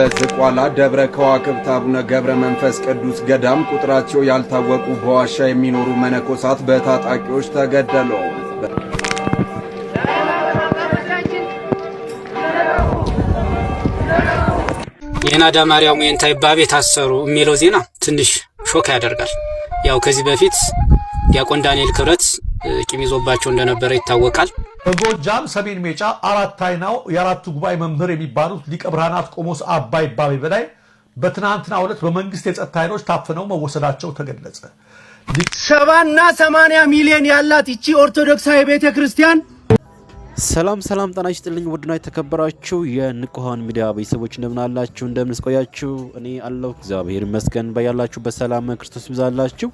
በዝቋላ ደብረ ከዋክብት አቡነ ገብረ መንፈስ ቅዱስ ገዳም ቁጥራቸው ያልታወቁ በዋሻ የሚኖሩ መነኮሳት በታጣቂዎች ተገደሉ። የናዳ ማርያም ወንታይ ባብ ታሰሩ የሚለው ዜና ትንሽ ሾክ ያደርጋል። ያው ከዚህ በፊት ዲያቆን ዳንኤል ክብረት ቂም ይዞባቸው እንደነበረ ይታወቃል። በጎጃም ሰሜን ሜጫ አራት አይናው የአራቱ ጉባኤ መምህር የሚባሉት ሊቀ ብርሃናት ቆሞስ አባ ይባቤ በላይ በትናንትና ዕለት በመንግስት የጸጥታ ኃይሎች ታፍነው መወሰዳቸው ተገለጸ። ሰባና ሰማንያ ሚሊዮን ያላት ይቺ ኦርቶዶክሳዊ ቤተ ክርስቲያን። ሰላም ሰላም፣ ጤና ይስጥልኝ ውድና የተከበራችሁ የንቁሃን ሚዲያ ቤተሰቦች እንደምን አላችሁ? እንደምን ስቆያችሁ? እኔ አለሁ እግዚአብሔር ይመስገን። በያላችሁ በሰላም ክርስቶስ ይብዛላችሁ።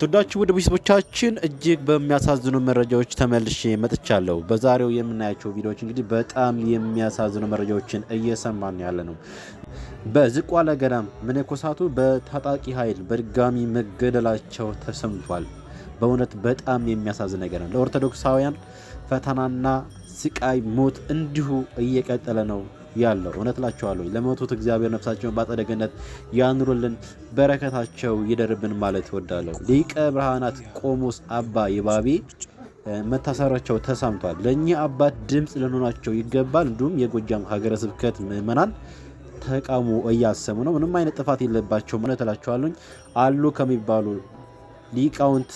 ትወዳችሁ ውድ ቤተሰቦቻችን እጅግ በሚያሳዝኑ መረጃዎች ተመልሼ መጥቻለሁ። በዛሬው የምናያቸው ቪዲዮዎች እንግዲህ በጣም የሚያሳዝኑ መረጃዎችን እየሰማን ያለ ነው። በዝቋላ ገዳም መነኮሳቱ በታጣቂ ኃይል በድጋሚ መገደላቸው ተሰምቷል። በእውነት በጣም የሚያሳዝን ነገር ነው። ለኦርቶዶክሳውያን ፈተናና ስቃይ ሞት እንዲሁ እየቀጠለ ነው ያለው። እውነት ላችኋለሁ ለመቱት እግዚአብሔር ነፍሳቸውን በአጸደ ገነት ያኑርልን፣ በረከታቸው ይደርብን ማለት እወዳለሁ። ሊቀ ብርሃናት ቆሞስ አባ ይባቤ መታሰራቸው ተሰምቷል። ለእኚህ አባት ድምፅ ልንሆናቸው ይገባል። እንዲሁም የጎጃም ሀገረ ስብከት ምእመናን ተቃውሞ እያሰሙ ነው። ምንም አይነት ጥፋት የለባቸው። እውነት አሉ ከሚባሉ ሊቃውንት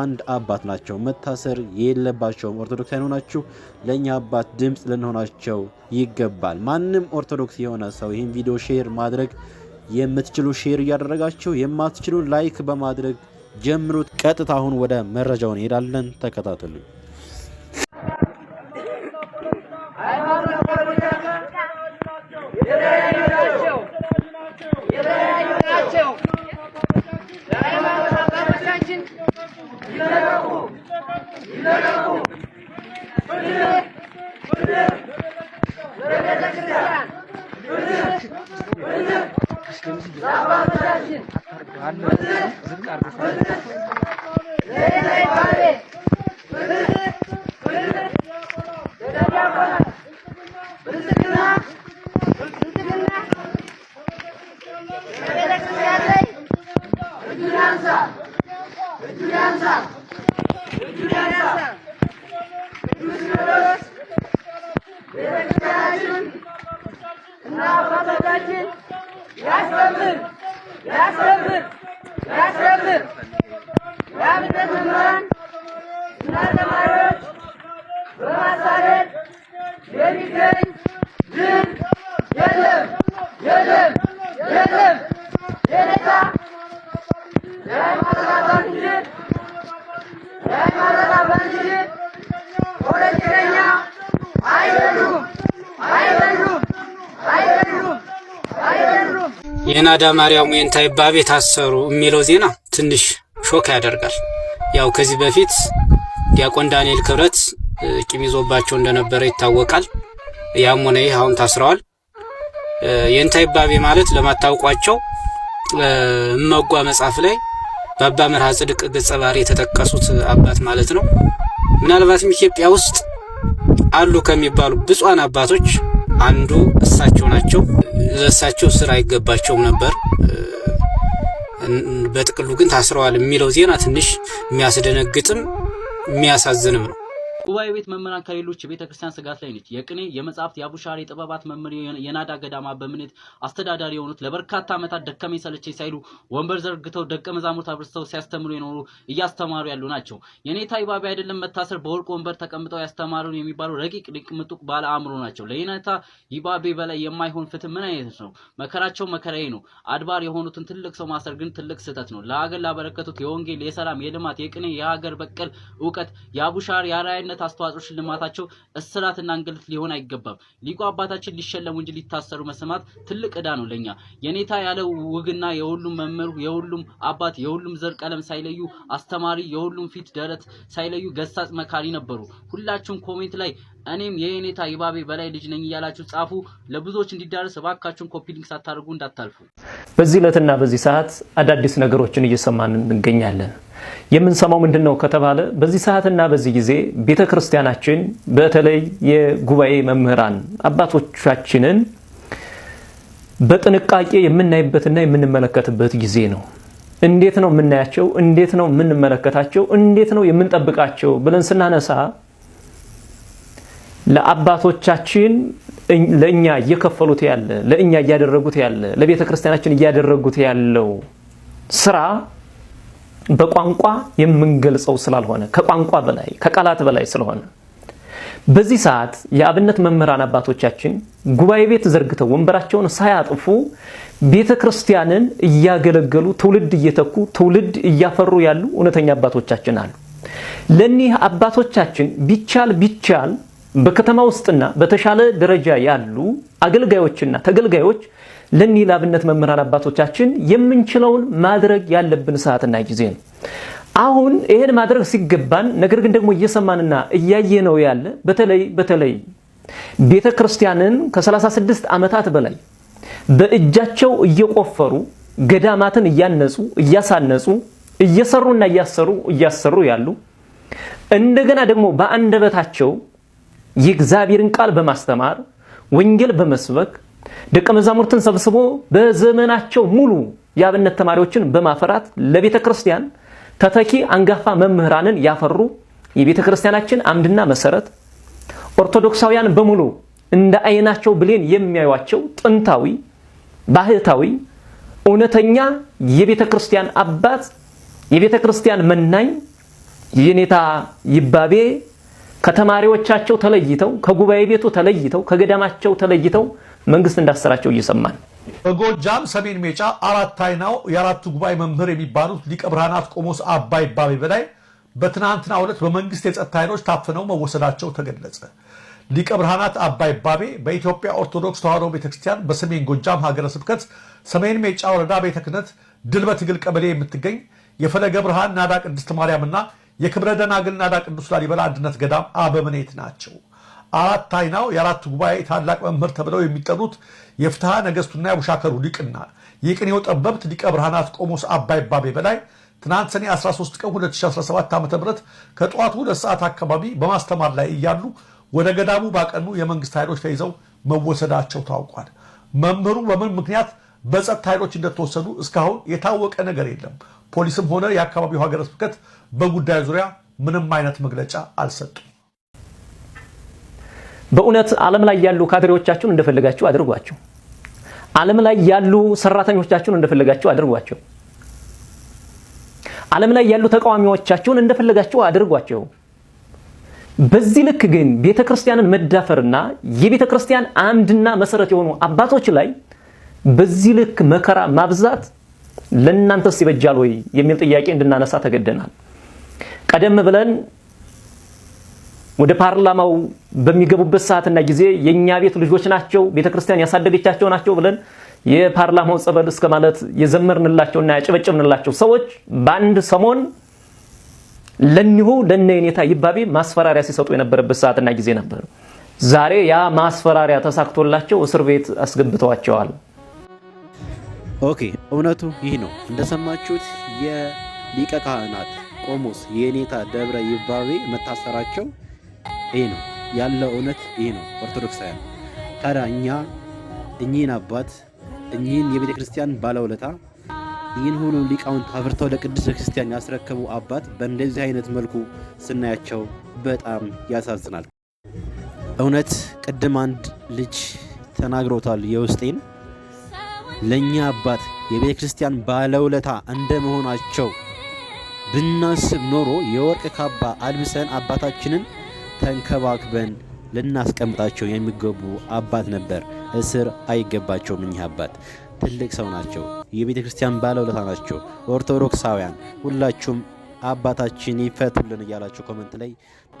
አንድ አባት ናቸው፣ መታሰር የለባቸውም። ኦርቶዶክስ ሆናችሁ ለእኛ አባት ድምፅ ልንሆናቸው ይገባል። ማንም ኦርቶዶክስ የሆነ ሰው ይህን ቪዲዮ ሼር ማድረግ የምትችሉ ሼር እያደረጋችሁ፣ የማትችሉ ላይክ በማድረግ ጀምሩት። ቀጥታ አሁን ወደ መረጃው እንሄዳለን። ተከታተሉ። ሃይማኖት የናዳ ማርያም ወይንታ ይባቤ ታሰሩ የሚለው ዜና ትንሽ ሾክ ያደርጋል። ያው ከዚህ በፊት ዲያቆን ዳንኤል ክብረት ቂም ይዞባቸው እንደነበረ ይታወቃል። ያም ሆነ ይህ አሁን ታስረዋል። የንታ ይባቤ ማለት ለማታውቋቸው እመጓ መጽሐፍ ላይ በአባ መርሃ ጽድቅ ገጸ ባህሪ የተጠቀሱት አባት ማለት ነው። ምናልባትም ኢትዮጵያ ውስጥ አሉ ከሚባሉ ብፁዓን አባቶች አንዱ እሳቸው ናቸው። ለእሳቸው ስራ አይገባቸውም ነበር። በጥቅሉ ግን ታስረዋል የሚለው ዜና ትንሽ የሚያስደነግጥም የሚያሳዝንም ነው። ጉባኤ ቤት መምህራን ከሌሎች ክርስቲያን ስጋት ላይ ነች። የቅኔ የመጽሐፍት፣ የአቡሻሪ የጥበባት መምህር የናዳ ገዳማ በምኔት አስተዳዳሪ የሆኑት ለበርካታ ዓመታት ደከመኝ ሰለቸኝ ሳይሉ ወንበር ዘርግተው ደቀ መዛሙርት አብርስተው ሲያስተምሩ የኖሩ እያስተማሩ ያሉ ናቸው። የኔታ ይባቤ አይደለም መታሰር በወርቅ ወንበር ተቀምጠው ያስተማሩን የሚባሉ ረቂቅ ድንቅ ምጡቅ ባለ አእምሮ ናቸው። ለየኔታ ይባቤ በላይ የማይሆን ፍትህ ምን አይነት ነው? መከራቸው መከራዬ ነው። አድባር የሆኑትን ትልቅ ሰው ማሰር ግን ትልቅ ስህተት ነው። ለሀገር ላበረከቱት የወንጌል፣ የሰላም፣ የልማት፣ የቅኔ፣ የሀገር በቀል እውቀት የአቡሻር የአርአያነት ለዕለት አስተዋጽኦ ሽልማታቸው እስራትና እንግልት ሊሆን አይገባም። ሊቁ አባታችን ሊሸለሙ እንጂ ሊታሰሩ መሰማት ትልቅ ዕዳ ነው ለኛ። የኔታ ያለ ውግና የሁሉም መምህር፣ የሁሉም አባት፣ የሁሉም ዘር ቀለም ሳይለዩ አስተማሪ፣ የሁሉም ፊት ደረት ሳይለዩ ገሳጽ መካሪ ነበሩ። ሁላችሁም ኮሜንት ላይ እኔም የኔታ ይባቤ በላይ ልጅ ነኝ እያላችሁ ጻፉ። ለብዙዎች እንዲዳረስ እባካችሁን ኮፒ ሊንክ ሳታደርጉ እንዳታልፉ። በዚህ ዕለትና በዚህ ሰዓት አዳዲስ ነገሮችን እየሰማን እንገኛለን። የምንሰማው ምንድን ነው ከተባለ በዚህ ሰዓትና በዚህ ጊዜ ቤተ ክርስቲያናችን በተለይ የጉባኤ መምህራን አባቶቻችንን በጥንቃቄ የምናይበትና የምንመለከትበት ጊዜ ነው። እንዴት ነው የምናያቸው? እንዴት ነው የምንመለከታቸው? እንዴት ነው የምንጠብቃቸው ብለን ስናነሳ ለአባቶቻችን ለእኛ እየከፈሉት ያለ ለእኛ እያደረጉት ያለ ለቤተ ክርስቲያናችን እያደረጉት ያለው ስራ በቋንቋ የምንገልጸው ስላልሆነ ከቋንቋ በላይ ከቃላት በላይ ስለሆነ በዚህ ሰዓት የአብነት መምህራን አባቶቻችን ጉባኤ ቤት ዘርግተው ወንበራቸውን ሳያጥፉ ቤተ ክርስቲያንን እያገለገሉ ትውልድ እየተኩ ትውልድ እያፈሩ ያሉ እውነተኛ አባቶቻችን አሉ። ለኒህ አባቶቻችን ቢቻል ቢቻል በከተማ ውስጥና በተሻለ ደረጃ ያሉ አገልጋዮችና ተገልጋዮች ለኒህ ለአብነት መምህራን አባቶቻችን የምንችለውን ማድረግ ያለብን ሰዓትና ጊዜ ነው። አሁን ይሄን ማድረግ ሲገባን፣ ነገር ግን ደግሞ እየሰማንና እያየ ነው ያለ በተለይ በተለይ ቤተ ክርስቲያንን ከ36 ዓመታት በላይ በእጃቸው እየቆፈሩ ገዳማትን እያነጹ እያሳነጹ እየሰሩና እያሰሩ እያሰሩ ያሉ እንደገና ደግሞ በአንደበታቸው የእግዚአብሔርን ቃል በማስተማር ወንጌል በመስበክ ደቀ መዛሙርትን ሰብስቦ በዘመናቸው ሙሉ የአብነት ተማሪዎችን በማፈራት ለቤተ ክርስቲያን ተተኪ አንጋፋ መምህራንን ያፈሩ የቤተ ክርስቲያናችን አምድና መሰረት ኦርቶዶክሳውያን በሙሉ እንደ አይናቸው ብሌን የሚያዩቸው ጥንታዊ ባህታዊ እውነተኛ የቤተ ክርስቲያን አባት የቤተ ክርስቲያን መናኝ የኔታ ይባቤ ከተማሪዎቻቸው ተለይተው ከጉባኤ ቤቱ ተለይተው ከገዳማቸው ተለይተው መንግስት እንዳሰራቸው እየሰማን በጎጃም ሰሜን ሜጫ አራት አይናው የአራቱ ጉባኤ መምህር የሚባሉት ሊቀ ብርሃናት ቆሞስ አባ ይባቤ በላይ በትናንትና ዕለት በመንግስት የጸጥታ ኃይሎች ታፍነው መወሰዳቸው ተገለጸ። ሊቀ ብርሃናት አባ ይባቤ በኢትዮጵያ ኦርቶዶክስ ተዋሕዶ ቤተክርስቲያን በሰሜን ጎጃም ሀገረ ስብከት ሰሜን ሜጫ ወረዳ ቤተ ክህነት ድል በትግል ቀበሌ የምትገኝ የፈለገ ብርሃን ናዳ ቅድስት ማርያምና የክብረ ደናግል ናዳ ቅዱስ ላሊበላ አንድነት ገዳም አበምኔት ናቸው። አራት አይናው የአራት ጉባኤ ታላቅ መምህር ተብለው የሚጠሩት የፍትሐ ነገሥቱና የቡሻከሩ ሊቅና የቅኔው ጠበብት ሊቀ ብርሃናት ቆሞስ አባይ ባቤ በላይ ትናንት ሰኔ 13 ቀን 2017 ዓ ም ከጠዋቱ ሁለት ሰዓት አካባቢ በማስተማር ላይ እያሉ ወደ ገዳሙ ባቀኑ የመንግስት ኃይሎች ተይዘው መወሰዳቸው ታውቋል። መምህሩ በምን ምክንያት በጸጥታ ኃይሎች እንደተወሰዱ እስካሁን የታወቀ ነገር የለም። ፖሊስም ሆነ የአካባቢው ሀገረ ስብከት በጉዳዩ ዙሪያ ምንም አይነት መግለጫ አልሰጡም። በእውነት ዓለም ላይ ያሉ ካድሬዎቻችሁን እንደፈለጋችሁ አድርጓቸው። ዓለም ላይ ያሉ ሰራተኞቻችሁን እንደፈለጋችሁ አድርጓቸው። ዓለም ላይ ያሉ ተቃዋሚዎቻችሁን እንደፈለጋችሁ አድርጓቸው። በዚህ ልክ ግን ቤተ ክርስቲያንን መዳፈርና የቤተ ክርስቲያን አምድና መሰረት የሆኑ አባቶች ላይ በዚህ ልክ መከራ ማብዛት ለእናንተስ ይበጃል ወይ የሚል ጥያቄ እንድናነሳ ተገደናል። ቀደም ብለን ወደ ፓርላማው በሚገቡበት ሰዓትና ጊዜ የእኛ ቤት ልጆች ናቸው፣ ቤተ ክርስቲያን ያሳደገቻቸው ናቸው ብለን የፓርላማው ጸበል እስከ ማለት የዘመርንላቸውና ያጨበጨብንላቸው ሰዎች በአንድ ሰሞን ለኒሁ ለነ የኔታ ይባቤ ማስፈራሪያ ሲሰጡ የነበረበት ሰዓትና ጊዜ ነበር። ዛሬ ያ ማስፈራሪያ ተሳክቶላቸው እስር ቤት አስገብተዋቸዋል። ኦኬ፣ እውነቱ ይህ ነው። እንደሰማችሁት የሊቀ ካህናት ቆሞስ የኔታ ደብረ ይባቤ መታሰራቸው ይሄ ነው ያለው እውነት፣ ይሄ ነው ኦርቶዶክሳውያን። ታዲያ እኛ እኚህን አባት እኚህን የቤተ ክርስቲያን ባለውለታ ይህን ሁሉ ሊቃውንት አፍርተው ለቅድስት ክርስቲያን ያስረከቡ አባት በእንደዚህ አይነት መልኩ ስናያቸው በጣም ያሳዝናል። እውነት ቅድም አንድ ልጅ ተናግሮታል የውስጤን ለእኛ አባት የቤተ ክርስቲያን ባለውለታ እንደመሆናቸው ብናስብ ኖሮ የወርቅ ካባ አልብሰን አባታችንን ተንከባክበን ልናስቀምጣቸው የሚገቡ አባት ነበር። እስር አይገባቸውም። እኚህ አባት ትልቅ ሰው ናቸው። የቤተ ክርስቲያን ባለውለታ ናቸው። ኦርቶዶክሳውያን ሁላችሁም አባታችን ይፈቱልን እያላችሁ ኮመንት ላይ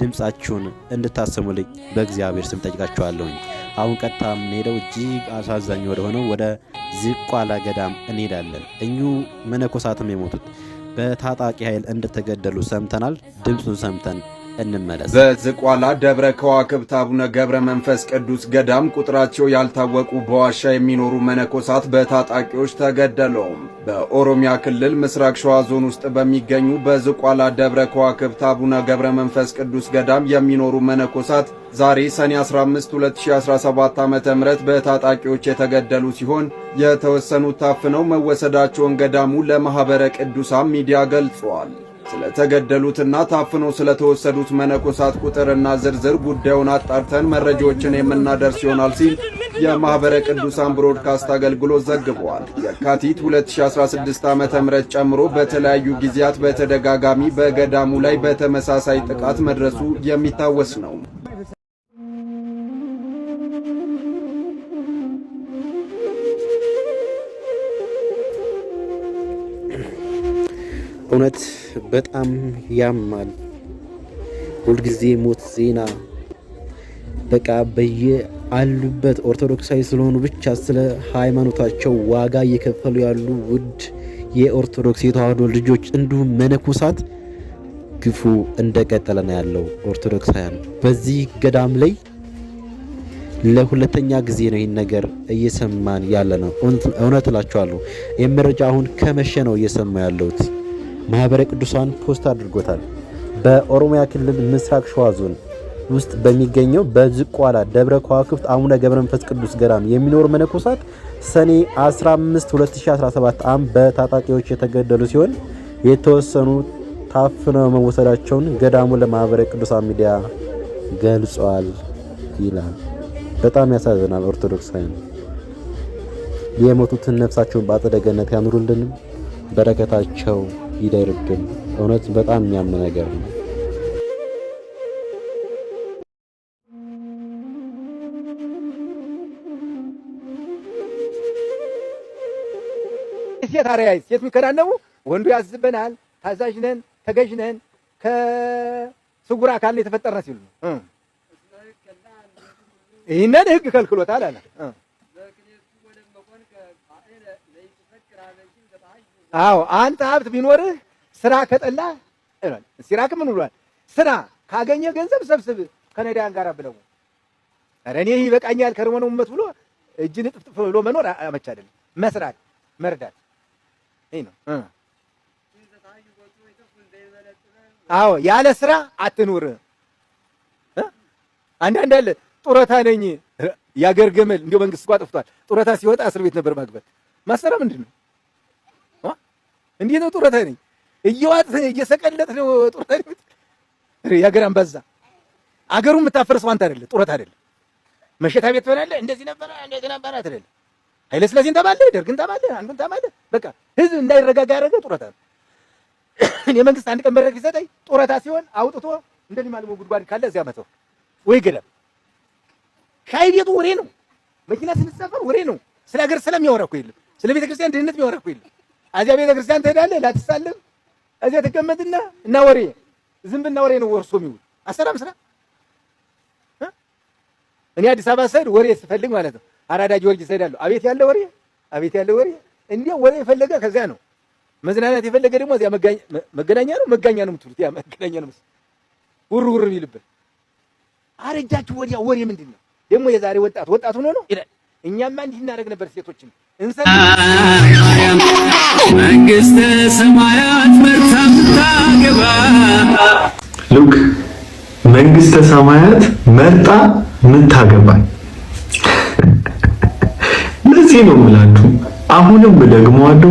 ድምፃችሁን እንድታሰሙልኝ በእግዚአብሔር ስም ጠይቃችኋለሁኝ። አሁን ቀጥታ የምንሄደው እጅግ አሳዛኝ ወደሆነው ወደ ዝቋላ ገዳም እንሄዳለን። እኙ መነኮሳትም የሞቱት በታጣቂ ኃይል እንደተገደሉ ሰምተናል። ድምፁን ሰምተን እንመለስ። በዝቋላ ደብረ ከዋክብት አቡነ ገብረ መንፈስ ቅዱስ ገዳም ቁጥራቸው ያልታወቁ በዋሻ የሚኖሩ መነኮሳት በታጣቂዎች ተገደሉ። በኦሮሚያ ክልል ምስራቅ ሸዋ ዞን ውስጥ በሚገኙ በዝቋላ ደብረ ከዋክብት አቡነ ገብረ መንፈስ ቅዱስ ገዳም የሚኖሩ መነኮሳት ዛሬ ሰኔ 15 2017 ዓ.ም በታጣቂዎች የተገደሉ ሲሆን የተወሰኑት ታፍነው መወሰዳቸውን ገዳሙ ለማኅበረ ቅዱሳን ሚዲያ ገልጿል። ስለተገደሉትና ታፍኖ ስለተወሰዱት መነኮሳት ቁጥርና ዝርዝር ጉዳዩን አጣርተን መረጃዎችን የምናደርስ ይሆናል ሲል የማኅበረ ቅዱሳን ብሮድካስት አገልግሎት ዘግቧል። የካቲት 2016 ዓ ም ጨምሮ በተለያዩ ጊዜያት በተደጋጋሚ በገዳሙ ላይ በተመሳሳይ ጥቃት መድረሱ የሚታወስ ነው። እውነት በጣም ያማል። ሁልጊዜ ሞት ዜና በቃ በየ አሉበት ኦርቶዶክሳዊ ስለሆኑ ብቻ ስለ ሃይማኖታቸው ዋጋ እየከፈሉ ያሉ ውድ የኦርቶዶክስ የተዋህዶ ልጆች እንዲሁም መነኮሳት ግፉ እንደቀጠለ ነው ያለው። ኦርቶዶክሳውያን በዚህ ገዳም ላይ ለሁለተኛ ጊዜ ነው ይህን ነገር እየሰማን ያለ ነው። እውነት እላችኋለሁ ይህ መረጃ አሁን ከመሸ ነው እየሰማ ያለሁት። ማኅበረ ቅዱሳን ፖስት አድርጎታል። በኦሮሚያ ክልል ምስራቅ ሸዋ ዞን ውስጥ በሚገኘው በዝቋላ ደብረ ከዋክብት አቡነ ገብረ መንፈስ ቅዱስ ገዳም የሚኖሩ መነኮሳት ሰኔ 15 2017 ዓ.ም በታጣቂዎች የተገደሉ ሲሆን የተወሰኑ ታፍነው መወሰዳቸውን ገዳሙ ለማኅበረ ቅዱሳን ሚዲያ ገልጿል ይላል። በጣም ያሳዝናል። ኦርቶዶክሳውያን የሞቱትን ነፍሳቸውን በአጸደ ገነት ያኑሩልን። በረከታቸው ይደርብን። እውነት በጣም የሚያም ነገር ነው። ሴት አርያይ ሴት የሚከናነቡ ወንዱ ያዝበናል፣ ታዛዥነን፣ ተገዥነን ከስጉር አካል የተፈጠረ ሲሉ ይህንን ህግ ከልክሎታል አለ አዎ አንተ ሀብት ቢኖርህ ስራ ከጠላ እሏል። ሲራክ ምን ብሏል? ስራ ካገኘ ገንዘብ ሰብስብ ከነዳያን ጋር ብለው ኧረ እኔ ይበቃኛል ከርሞ ነው መት ብሎ እጅን ጥፍጥፍ ብሎ መኖር አመች አይደለም። መስራት፣ መርዳት ይሄ ነው። አዎ ያለ ስራ አትኑር። አንዳንድ አለ ጡረታ ነኝ የአገር ገመል እንዲያው መንግስት እንኳ ጠፍቷል። ጡረታ ሲወጣ እስር ቤት ነበር ማግባት። ማሰራ ምንድን ነው? እንዴት ነው ጡረታ ነኝ እየዋጥ እየሰቀለጥ ነው ጡረታ ነኝ። የአገር አንበዛ አገሩ የምታፈርሰው አንተ አይደለ፣ ጡረታ አይደለ። መሸታ ቤት ትሆናለህ። እንደዚህ ነበረ እንደዚህ ነበረ አይደለ። ኃይለ ሥላሴን ታማለህ፣ ደርግን ታማለህ፣ አንዱን ታማለህ። በቃ ህዝብ እንዳይረጋጋ ያደረገ ጡረታ ነው። እኔ መንግስት አንድ ቀን መድረክ ቢሰጠኝ ጡረታ ሲሆን አውጥቶ እንደዚህ ማልሞ ጉድጓድ ካለ እዚያ መተው ወይ ገለም ሻይ ቤቱ ወሬ ነው። መኪና ስንሳፈር ወሬ ነው። ስለ ሀገር ሰላም የሚያወራ እኮ የለም። ስለ ክርስቲያን ድህነት የሚያወራ እኮ የለም። እዚያ ቤተክርስቲያን ትሄዳለህ፣ ላትሳለም እዚያ ተቀመጥና እና ወሬ ዝምብና ወሬ ነው ወርሶ የሚውል አሰራም ስራ እኔ አዲስ አበባ ስሄድ ወሬ ስፈልግ ማለት ነው አራዳ ጊዮርጊስ እሄዳለሁ። አቤት ያለ ወሬ፣ አቤት ያለ ወሬ። እንዲያ ወሬ የፈለገ ከዚያ ነው መዝናናት የፈለገ ደግሞ እዚያ መገናኛ ነው መጋኛ ነው የምትሉት ያ መገናኛ ነው ውር ውር የሚልበት አረጃችሁ ወዲያ ወሬ ምንድን ነው? ደግሞ የዛሬ ወጣት ወጣት ሆኖ ነው ይላል። እኛማ እንዲህ እናደርግ ነበር። ሴቶችን እንሰራ መንግስተ ሰማያት መርታ ምታገባ ሉክ መንግስተ ሰማያት መርጣ ምታገባ። ለዚህ ነው የምላችሁ አሁንም ደግሞ አዱ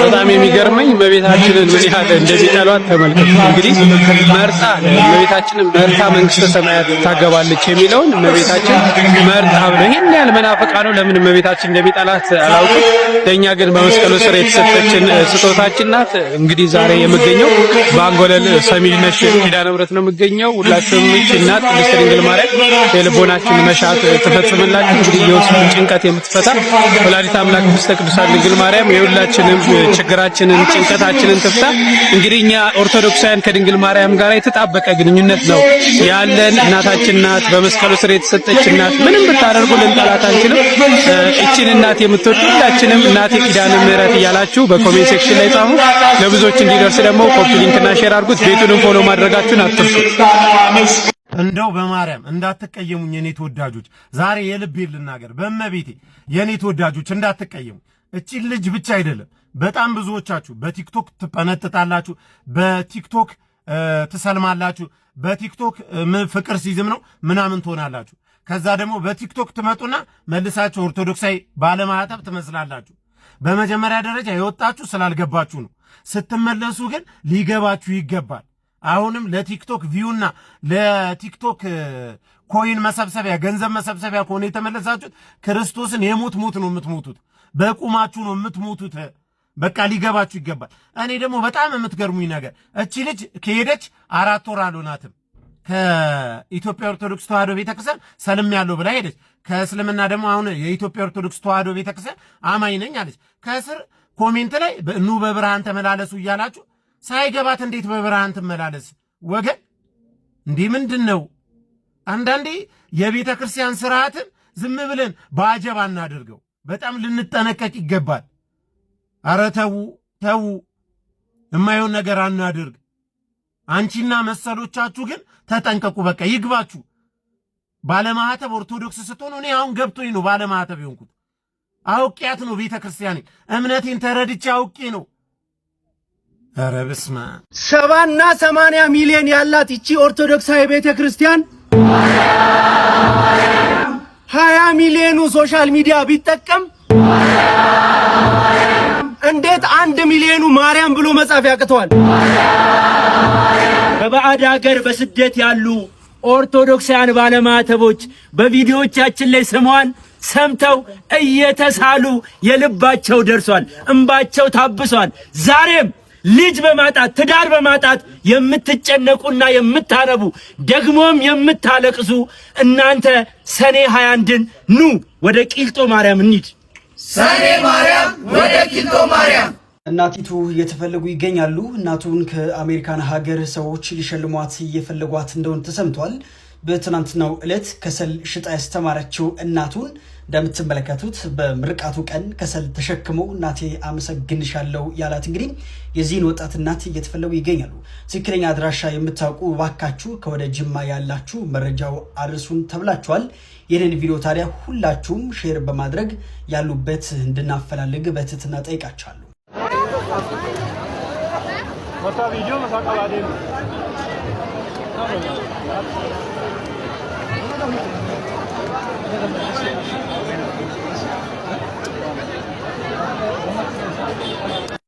በጣም የሚገርመኝ እመቤታችንን ምን ያህል እንደሚጠሏት ተመልከቱ። እንግዲህ መርጣ እመቤታችንን መርጣ መንግስተ ሰማያት ታገባለች የሚለውን እመቤታችን መርጣ ብሎ ይህን ያህል መናፈቃ ነው። ለምን እመቤታችን እንደሚጠላት አላውቅም። ለእኛ ግን በመስቀሉ ስር የተሰጠችን ስጦታችን ናት። እንግዲህ ዛሬ የምገኘው በአንጎለል ሰሚነሽ ኪዳነ ምሕረት ነው የምገኘው። ሁላችሁም እናት ቅድስት ድንግል ማርያም የልቦናችን መሻት ትፈጽምላችሁ። እንግዲህ የውስጥ ጭንቀት የምትፈታ ወላዲተ አምላክ ቅድስተ ቅዱሳን ድንግል ማርያም የሁላችንም ችግራችንን ጭንቀታችንን ትፍታ። እንግዲህ እኛ ኦርቶዶክሳውያን ከድንግል ማርያም ጋር የተጣበቀ ግንኙነት ነው ያለን። እናታችን ናት፣ በመስቀሉ ስር የተሰጠች እናት። ምንም ብታደርጉ ልንጠላት አንችልም። እችን እናት የምትወዱ ሁላችንም እናቴ ኪዳነ ምሕረት እያላችሁ በኮሜንት ሴክሽን ላይ ጻፉ። ለብዙዎች እንዲደርስ ደግሞ ኮፒ ሊንክና ሼር አድርጉት። ቤቱንም ፎሎ ማድረጋችሁን አትርሱ። እንደው በማርያም እንዳትቀየሙኝ የኔ ተወዳጆች፣ ዛሬ የልቤን ልናገር። በመቤቴ የኔ ተወዳጆች እንዳትቀየሙ። እቺ ልጅ ብቻ አይደለም፣ በጣም ብዙዎቻችሁ በቲክቶክ ትፈነጥጣላችሁ፣ በቲክቶክ ትሰልማላችሁ፣ በቲክቶክ ፍቅር ሲዝም ነው ምናምን ትሆናላችሁ። ከዛ ደግሞ በቲክቶክ ትመጡና መልሳችሁ ኦርቶዶክሳዊ ባለማዕተብ ትመስላላችሁ። በመጀመሪያ ደረጃ የወጣችሁ ስላልገባችሁ ነው። ስትመለሱ ግን ሊገባችሁ ይገባል። አሁንም ለቲክቶክ ቪውና ለቲክቶክ ኮይን መሰብሰቢያ ገንዘብ መሰብሰቢያ ከሆነ የተመለሳችሁት ክርስቶስን የሞት ሞት ነው የምትሞቱት። በቁማችሁ ነው የምትሞቱት። በቃ ሊገባችሁ ይገባል። እኔ ደግሞ በጣም የምትገርሙኝ ነገር እቺ ልጅ ከሄደች አራት ወር አልሆናትም ከኢትዮጵያ ኦርቶዶክስ ተዋሕዶ ቤተክርስቲያን ሰልም ያለው ብላ ሄደች። ከእስልምና ደግሞ አሁን የኢትዮጵያ ኦርቶዶክስ ተዋሕዶ ቤተክርስቲያን አማኝ ነኝ አለች። ከስር ኮሜንት ላይ ኑ በብርሃን ተመላለሱ እያላችሁ ሳይገባት እንዴት በብርሃን ትመላለስ? ወገን እንዲህ ምንድን ነው? አንዳንዴ የቤተ ክርስቲያን ስርዓትን ዝም ብለን በአጀብ አናደርገው። በጣም ልንጠነቀቅ ይገባል። አረ ተዉ ተዉ፣ የማየውን ነገር አናድርግ። አንቺና መሰሎቻችሁ ግን ተጠንቀቁ። በቃ ይግባችሁ። ባለማህተብ ኦርቶዶክስ ስትሆኑ፣ እኔ አሁን ገብቶኝ ነው ባለማህተብ የሆንኩት። አውቄያት ነው ቤተ ክርስቲያኔ፣ እምነቴን ተረድቼ አውቄ ነው ኧረ በስመ አብ ሰባና ሰማንያ ሚሊዮን ያላት ይቺ ኦርቶዶክሳዊ ቤተ ክርስቲያን ሀያ ሚሊዮኑ ሶሻል ሚዲያ ቢጠቀም እንዴት አንድ ሚሊዮኑ ማርያም ብሎ መጻፍ ያቅተዋል? በባዕድ ሀገር በስደት ያሉ ኦርቶዶክሳውያን ባለማተቦች በቪዲዮዎቻችን ላይ ስሟን ሰምተው እየተሳሉ የልባቸው ደርሷል፣ እምባቸው ታብሷል። ዛሬም ልጅ በማጣት ትዳር በማጣት የምትጨነቁና የምታነቡ ደግሞም የምታለቅሱ እናንተ ሰኔ 21 ኑ ወደ ቂልጦ ማርያም እንሂድ። ሰኔ ማርያም ወደ ቂልጦ ማርያም እናቲቱ እየተፈለጉ ይገኛሉ። እናቱን ከአሜሪካን ሀገር ሰዎች ሊሸልሟት እየፈለጓት እንደሆነ ተሰምቷል። በትናንትናው ዕለት ከሰል ሽጣ ያስተማረችው እናቱን እንደምትመለከቱት በምርቃቱ ቀን ከሰል ተሸክሞ እናቴ አመሰግንሻለሁ ያላት እንግዲህ የዚህን ወጣት እናት እየተፈለጉ ይገኛሉ። ትክክለኛ አድራሻ የምታውቁ ባካችሁ ከወደ ጅማ ያላችሁ መረጃው አድርሱን ተብላችኋል። ይህንን ቪዲዮ ታዲያ ሁላችሁም ሼር በማድረግ ያሉበት እንድናፈላልግ በትህትና ጠይቃችኋለሁ።